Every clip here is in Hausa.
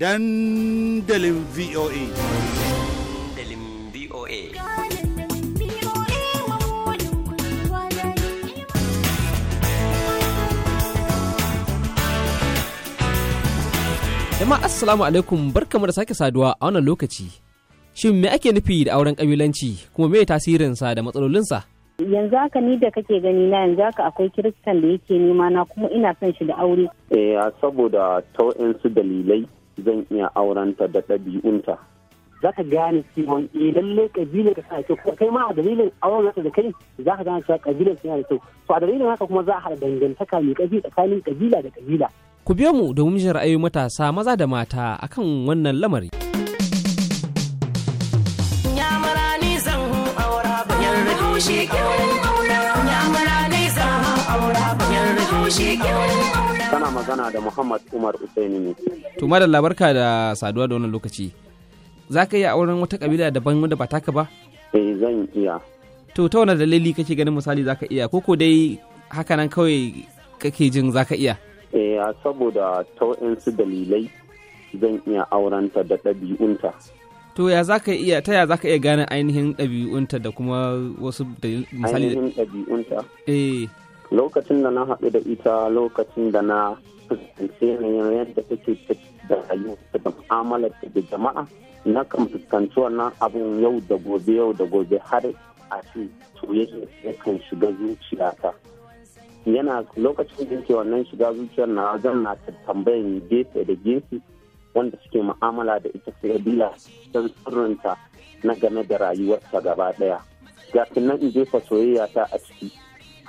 dandalin VOA. Dandalin VOA. Assalamu alaikum barkamu da sake saduwa a wannan lokaci. Shin me ake nufi da auren ƙabilanci kuma me tasirinsa da matsalolinsa? yanzu haka ni da kake gani na yanzu haka akwai kiristan da yake nema na kuma ina son shi da aure. Eh saboda tau'in su dalilai zan iya aurenta da ɗabi'unta za ka gane cewa idan eh, lalle kabilar ka sa a kyau kai ma a dalilin auren nasa da kai za ka gane cewa kabilar tana da kyau to a dalilin haka kuma za a haɗa dangantaka mai ƙarfi tsakanin kabila da kabila ku biyo mu domin jin ra'ayoyin matasa maza da mata akan wannan lamari Yamara ni zan aura shi kyau ni zan aura shi kyau ana magana da Muhammad Umar Usaini ne. To madalla barka da saduwa da wannan lokaci. Za ka iya auren wata kabila daban wanda ba taka ba? Eh zan iya. To ta wani dalili kake ganin misali za ka iya ko ko dai haka nan kawai kake jin za ka iya? Eh saboda ta su dalilai zan iya aurenta da ɗabi'unta. To ya za ka iya ta ya za ka iya gane ainihin ɗabi'unta da kuma wasu misali. Ainihin ɗabi'unta? Eh. lokacin da na haɗu da ita lokacin da na fuskanci yanayin yadda take da rayuwa da mu'amalar da jama'a na kan fuskanci wannan abun yau da gobe yau da gobe har a ce soyayya ya kan shiga zuciyata yana lokacin da yake wannan shiga zuciyar na zan na tambayan gefe da gefe wanda suke mu'amala da ita sai bila don sirrinta na game da rayuwarta gaba daya kafin nan in jefa soyayya ta a ciki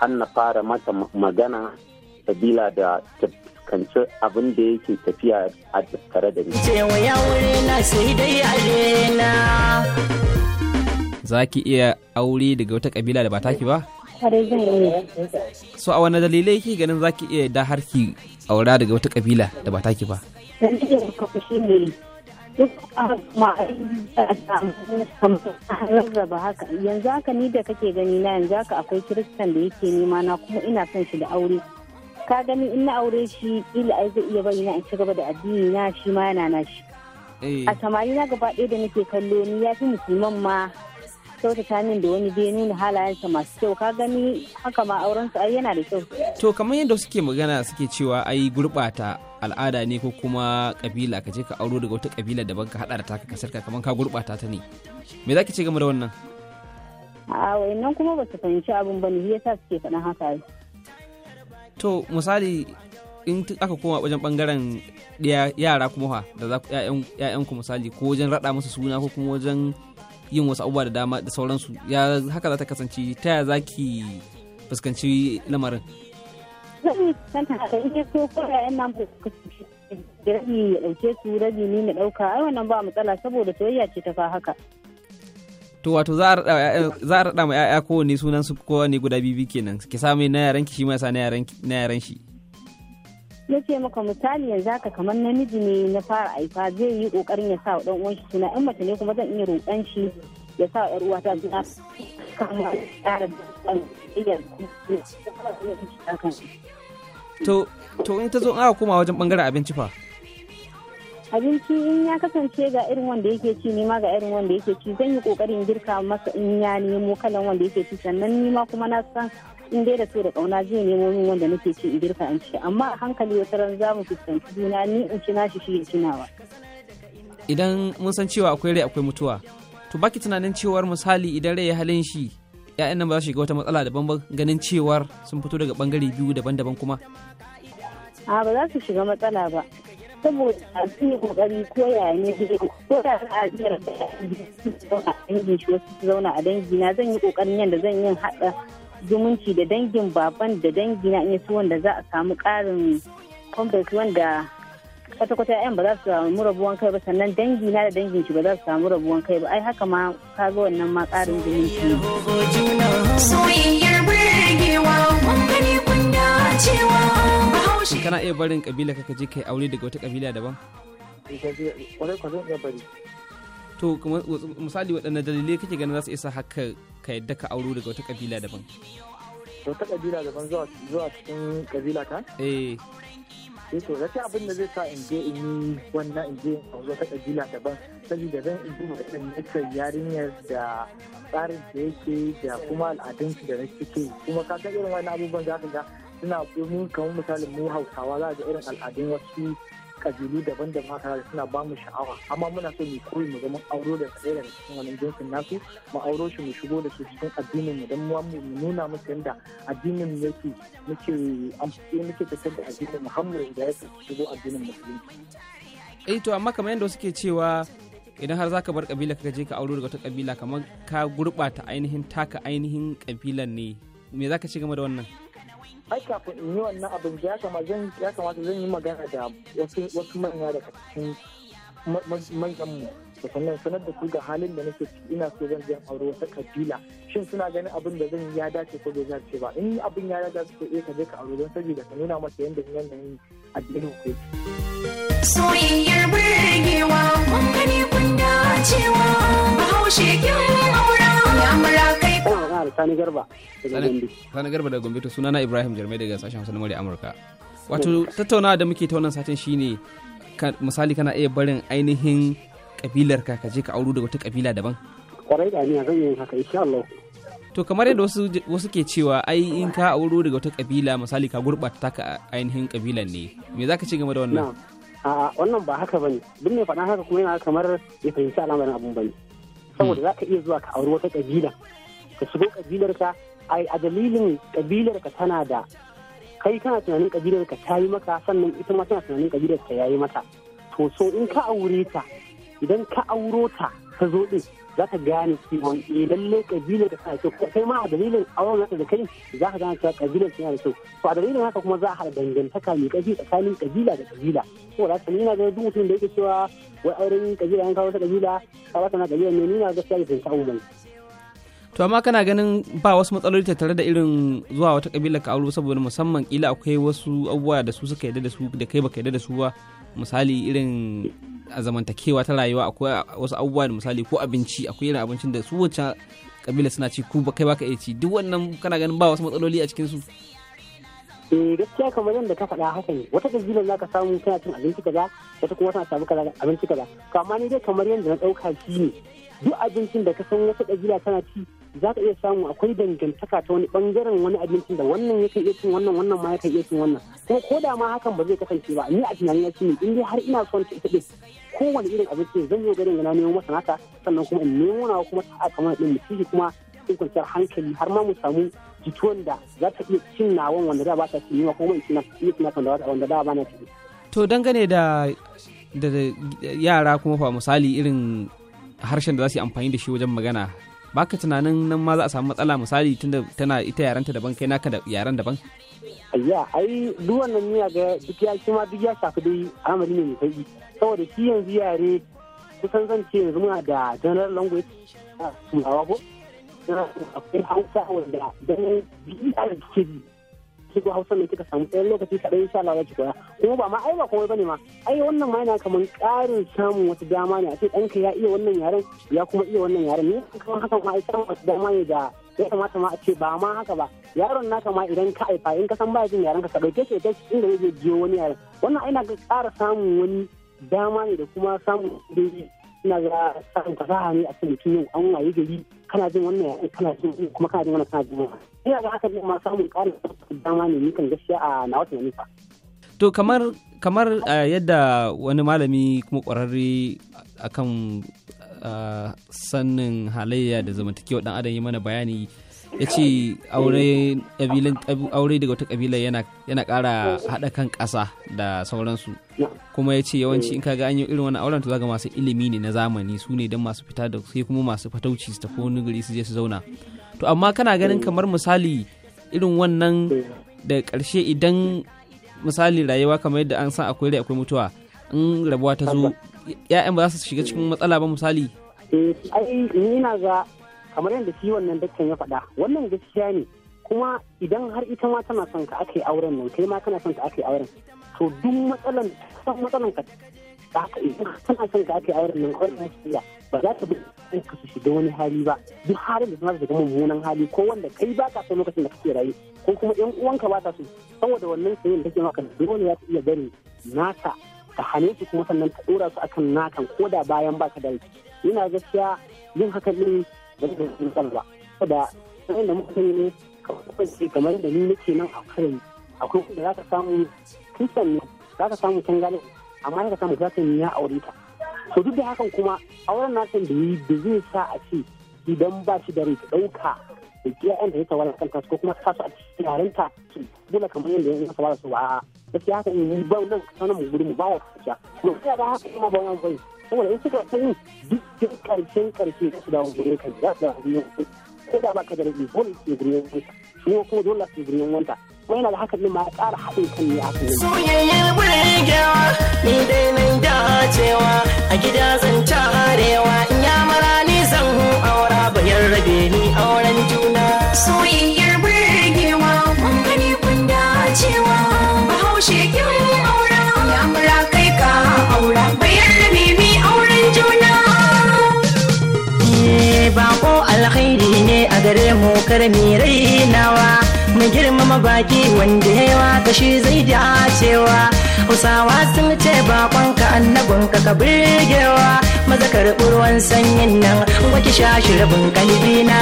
An na fara mata magana sabila da ta fuskanci abin da yake tafiya a tattare da ni. Cewa ya wuri na sai dai alena. Za ki iya aure daga wata kabila da ba taki ba? So a wani dalilai ke ganin za ki iya da harki aura daga wata kabila da ba taki ba? shi ne duk rarraba haka yanzu haka ni da kake gani na yanzu haka akwai kiristan da yake nema na kuma ina son shi da aure ka gani in na aure shi ila ai zai iya bayyana in ci da addini na shi ma yana na shi eh. a samari na gaba ɗaya da nake kallo ni ya fi musulman ma ta min da wani biyu nuna halayensa masu kyau ka gani haka ma auren su ai yana da kyau to kamar yadda suke magana suke cewa ai gurbata al'ada ne ko kuma kabila ka je ka auro daga wata kabila daban ka hada da taka kasar ka kamar ka gurbata ta ne me zaki ce game da wannan a wayannan kuma ba su fahimci abin ba ne ya sa suke faɗin haka to misali in aka koma wajen bangaren yara kuma fa da za ku ya'yanku misali ko wajen rada musu suna ko kuma wajen yin wasu abubuwa da dama da sauransu ya haka za ta kasance ta ya za ki fuskanci lamarin zan haka in so ko yayan nan ba da rabi ya dauke su rabi ni na dauka ai wannan ba matsala saboda soyayya ce ta fa haka to wato za a raɗa ma 'ya'ya kowane sunan su kowane guda biyu kenan ki sami na yaran ki shi ma sa na yaran shi ya ce maka misali yanzu haka kamar namiji ne na fara aifa zai yi kokarin ya sa wa dan uwan shi suna in mace ne kuma zan iya roƙan shi ya sa yar uwa ta suna kama tsara da to to in ta zo aka koma wajen bangaren abinci fa abinci in ya kasance ga irin wanda yake ci ni ma ga irin wanda yake ci zan yi kokarin girka masa in ya nemo kalan wanda yake ci sannan ni ma kuma na san in dai da so da kauna zai nemo min wanda nake ci in girka an ci amma a hankali wata ran za mu fuskanci juna ni in ci nashi shi ya ci idan mun san cewa akwai rai akwai mutuwa to baki tunanin cewar misali idan rai ya halin shi ya'yan nan ba za su shiga wata matsala daban ba ganin cewar sun fito daga bangare biyu daban-daban kuma a ba za su shiga matsala ba saboda a yi kokari ko ya ne ko da a iya a dangi shi wasu zauna a dangi na zan yi kokarin yadda zan yi haɗa zumunci da dangin baban da dangi na iya su wanda za a samu ƙarin complex wanda kwata-kwata 'yan ba za su samu rabuwan kai ba sannan dangi na da dangin shi ba za su samu rabuwan kai ba ai haka ma ka ga wannan ma ƙarin zumunci kana iya barin kabila kaka je kai aure daga wata kabila daban? Eh, to misali waɗanne dalilai kake ganin za su isa haka ka yadda ka auro daga wata kabila daban wata kabila daban zuwa cikin kabila ta eh sai eh, to zaki abin da zai sa in je in yi wannan in je in wata kabila daban saboda zan in duba irin nature yarinyar da tsarin da yake da kuma al'adun da na cike kuma ka ga irin wani abubuwan za ka ga suna mun kamar misalin mu hausawa za ga irin al'adun wasu kabilu daban-daban haka suna ba mu sha'awa amma muna so mu koyi mu zama auro da tsaye daga cikin wannan jinsin nasu mu auro shi mu shigo da su cikin addinin mu dan mu nuna musu yadda addinin mu yake muke amfani muke tafiyar da addinin Muhammadu da ya shigo addinin musulunci eh to amma kamar yadda suke cewa idan har zaka bar kabila ka je ka auro daga wata kabila kamar ka gurbata ainihin taka ainihin kabilan ne me zaka ci game da wannan ai kafin in yi wannan abin ya kamata zan yi magana da wasu manya daga cikin mu da sannan sanar da su ga halin da nake ciki ina so zan je aure wata kabila shin suna ganin abin da zan ya dace ko bai dace ba in abin ya dace ko eh ka je ka aure don saboda ka nuna masa yanda yanayin addinin ku soyayyar burgewa kun gani Sani Garba Sani Garba daga Gombe to sunana Ibrahim Jarmai daga sashen Hausa na Murya Amurka. Wato tattaunawa da muke ta wannan satin shine misali kana iya barin ainihin kabilar ka je ka auro da wata kabila daban. Kwarai da ni zan yi haka insha Allah. To kamar yadda wasu wasu ke cewa ai in ka auro daga wata kabila misali ka gurbata ka ainihin kabilan ne. Me zaka ce game da wannan? A'a wannan ba haka bane. Duk mai faɗa haka kuma yana kamar ya fahimci al'amarin abun bane. saboda hmm. za ka iya zuwa ka auri wata kabila ka shigo kabilarka ai a dalilin kabilarka tana da kai kana tunanin kabilarka ta yi maka sannan ita ma tana tunanin ƙabilarka ya yi mata to so in ka aure ta idan ka auro ta ka zo din za ka gane cewa eh lalle kabilar ka tana kyau kai ma a dalilin auren naka da kai za ka gane cewa kabilar tana da kyau to a dalilin haka kuma za a haɗa dangantaka mai ƙarfi tsakanin kabila da kabila ko da sanin yana ga duk mutum da yake cewa wai auren kabila an kawo ta kabila ka ba ta na kabila ne ni na da ta to amma kana ganin ba wasu matsaloli tattare da irin zuwa wata kabila ka aure saboda musamman kila akwai wasu abubuwa da su suka yadda da su da kai baka yadda da su ba misali irin a zamantakewa ta rayuwa akwai wasu abubuwa da misali ko abinci akwai irin abincin da su wacce kabila suna ci ku kai baka iya ci duk wannan kana ganin ba wasu matsaloli a cikin su eh gaskiya kamar yadda ka faɗa haka ne wata kabilar za ka samu tana cin abinci kaza wata kuma tana samu kaza abinci kaza to amma ni dai kamar yadda na ɗauka shi ne duk abincin da ka san wata kabila tana ci za ka iya samu akwai dangantaka ta wani bangaren wani abincin da wannan ya kai iya cin wannan wannan ma ya kai iya cin wannan kuma ko da ma hakan ba zai kasance ba ni a tunanin yaki ne in dai har ina son ta ita kowane irin abinci zan yi garin gana nemo masa haka sannan kuma in nemo na kuma ta aka mana din mutum kuma in kwanciyar hankali har ma mu samu jituwan da za ta iya cin nawan wanda da ba ta cin yiwa kuma in iya cin wanda da ba na cin. To dangane da da yara kuma fa misali irin harshen da za su yi amfani da shi wajen magana baka tunanin nan ma za a samu matsala misali tunda tana ita yaranta daban kai naka da yaran daban ayya ai duk wannan miya ga duk ya shi ma duk ya shafi dai amali ne sai saboda shi yanzu yare kusan zan ce yanzu muna da general language a turawa ko akwai hausa wanda ganin biyu da suke shigo hausa ne kika samu tsawon lokaci kaɗai insha Allah za ki koya kuma ba ma ai ba komai bane ma ai wannan ma yana kaman ƙarin samun wata dama ne a ce ɗanka ya iya wannan yaren ya kuma iya wannan yaren ne kuma haka ma ai samun wata dama ne da ya kamata ma a ce ba ma haka ba yaron naka ma idan ka aifa in ka san baya jin yaren ka ka dauke shi kai inda zai jiyo wani yaren wannan ai na ga ƙara samun wani dama ne da kuma samun daidai ina ga samun fasaha ne a cikin mutum an waye gari kana jin wannan yaren kana jin kuma kana jin wannan kana jin wannan ina ga haka ma samun ƙarin dama ne nikan gaskiya a na wata manufa. To kamar kamar yadda wani malami kuma ƙwararre akan sannin halayya da zamantakewa ɗan adam yi mana bayani ya ce aure daga wata kabila yana kara haɗa kan ƙasa da sauransu kuma ya ce yawanci in kaga an yi irin wani auren to zaga masu ilimi ne na zamani su ne don masu fita da sai kuma masu fatauci su tafi wani gari su je su zauna to amma kana ganin mm. kamar misali irin wannan da ƙarshe idan misali rayuwa kamar yadda an san akwai rai akwai mutuwa in rabuwa ta zo ya'yan ba za su shiga cikin mm. matsala ba misali eh, ai ni na ga kamar yadda shi wannan dakkan ya faɗa wannan gaskiya ne kuma idan har ita ma tana son ka ake auren nan kai ma kana son ka ake auren to duk matsalan san matsalan ka ba tana son ka ake auren nan kawai na ba za ta bi ka su shiga wani hali ba duk halin da suna da shiga mummunan hali ko wanda kai ba ka son lokacin da kake rayu ko kuma yan uwanka ba ta so saboda wannan sayin da kake maka dole ya iya bari naka ka hane su kuma sannan ta dora su akan nakan ko da bayan baka da yana gaskiya yin hakan din ba zai zama ba saboda sanin da muka sani ne kamar da ni nake nan a kai akwai wanda za ka samu tun sannan za ka samu can gane amma ka samu satin ya aure ta so duk da hakan kuma auren na san da yi da zai sa a ce idan ba shi da rai ɗauka da kiyayen da ya tawala kanta ko kuma kasu a cikin ta su dole kamar yadda ya tawala su ba gaskiya haka in ba nan sanan mu gurin mu ba wa kaciya to kuma da haka kuma ba wani bai saboda in suka sani duk da karshen karshe da su dawo gurin kan za su dawo gurin ko da ba ka da rai dole ke gurin wanta ko kuma dole su gurin wanta kuma yana da hakan ma tsara haɗin kan ne a kan soyayyar burgewa ni dai mai dacewa a gida zan carewa, in ya mara ni zan aura bayan rabe ni auren juna soyayyar burgewa mun gani kun dacewa bahaushe kin aura ya mara kai ka aura bayan rabe ni auren juna bako alkhairi ne a gare mu kar mi nawa. Mai girmama baki wanda ya yawa shi zai cewa hausawa sun ce bakonka annabin ka ka birgewa maza karɓi ruwan sanyin nan ki sha shi rabin na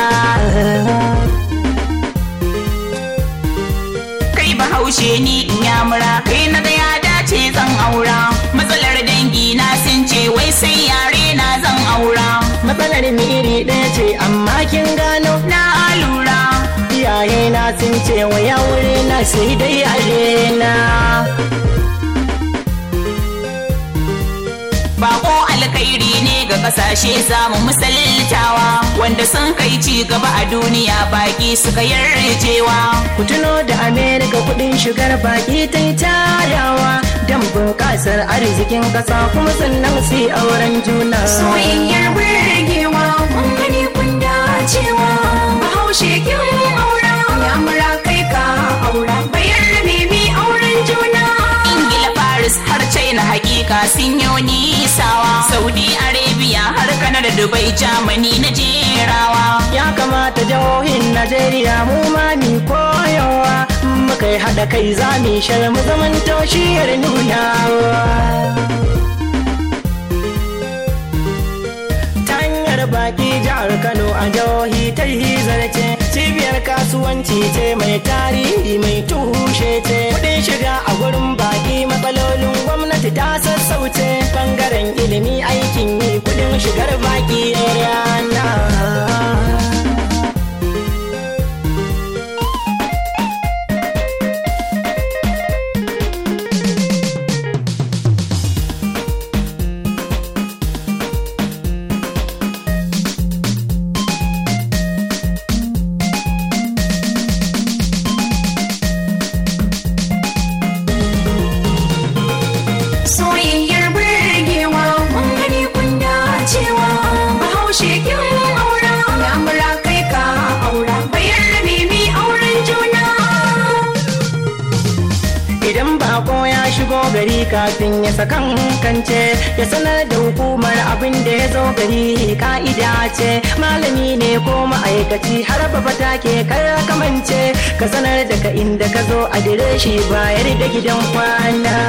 kai bahaushe ni in yamura kai na ga ya dace zan aura matsalar dangi na sun ce wai sai yare na zan aura matsalar miri ɗaya ce amma kin gano na alura iyaye sun ce wa ya wuri na sai dai arena. Bako alkhairi ne ga kasashe samu musaliltawa wanda sun kai ci gaba a duniya baki suka yarjewa. Ku tuno da Amerika kudin shigar baki ta yi tayawa don bunƙasar arzikin ƙasa kuma sannan su auren juna. Soyayyar birgewa. Amerika sun yi sawa. saudi arabia har da dubai Germany na jerawa ya kamata jihohin najeriya mu ma mi koyawa muka yi haɗa kai za mu shar mu zaman nuna. Tanyar baki jihar Kano a jihohi ta yi zarce cibiyar kasuwanci ce mai tarihi mai tushe ce kudin shiga a gurin baki matsalolin gwamnati ta sassauce bangaren ilimi aikin yi kudin shigar baki yana. kafin ya sakan kance ya sanar da hukumar abin da ya zo gari ka'ida ce malami ne ko ma'aikaci har ta ke kar kamance ka sanar da ka inda ka zo adireshi bayar da gidan kwana.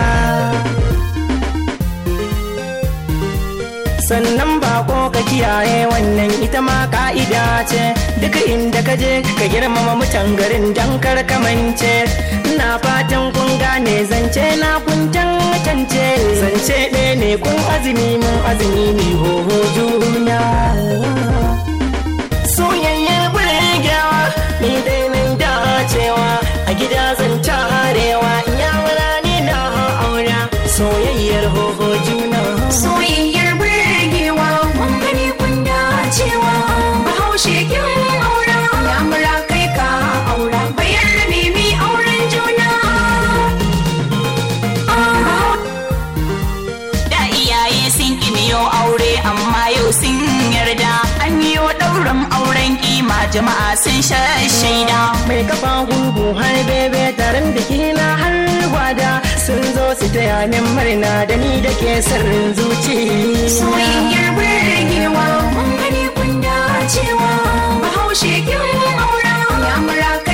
sannan ba ko ka kiyaye wannan ita ma ka'ida ce duk inda ka je ka girmama mutan garin dan karkamance na fatan kun gane zance na kun cance zance ɗaya ne kun azumi mun azumi ne hoho juna ɗaurin auren kima jama'a sun shaida. Mai kafa gugu har bebe taron biki na har gwada sun zo su taya min marina da ni da ke sirrin zuci. Soyayyar burgewa, mun gani kun dacewa, bahaushe kin auren ya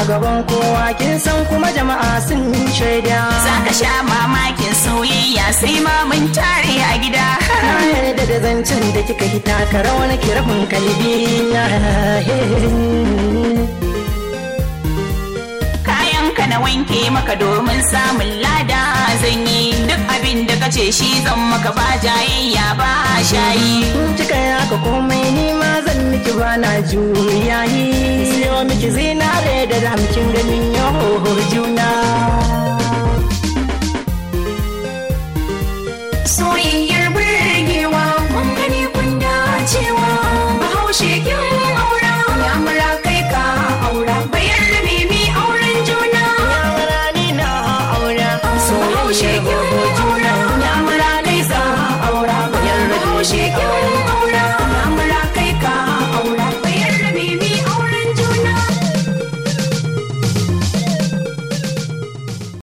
a gaban kowa kin san kuma jama'a sun shaida ka sha mamakin soyayya sai ma mun tare a gida yarda da zancen da kika hita ka rawa na kirafin kalbi na wanke maka domin samun lada zan yi duk abin da ka ce shi zan maka ba jayayya ba shayi ya ka komai ni ma zan miki ba na juyayi wa miki zinare da damkin ganin yaho juna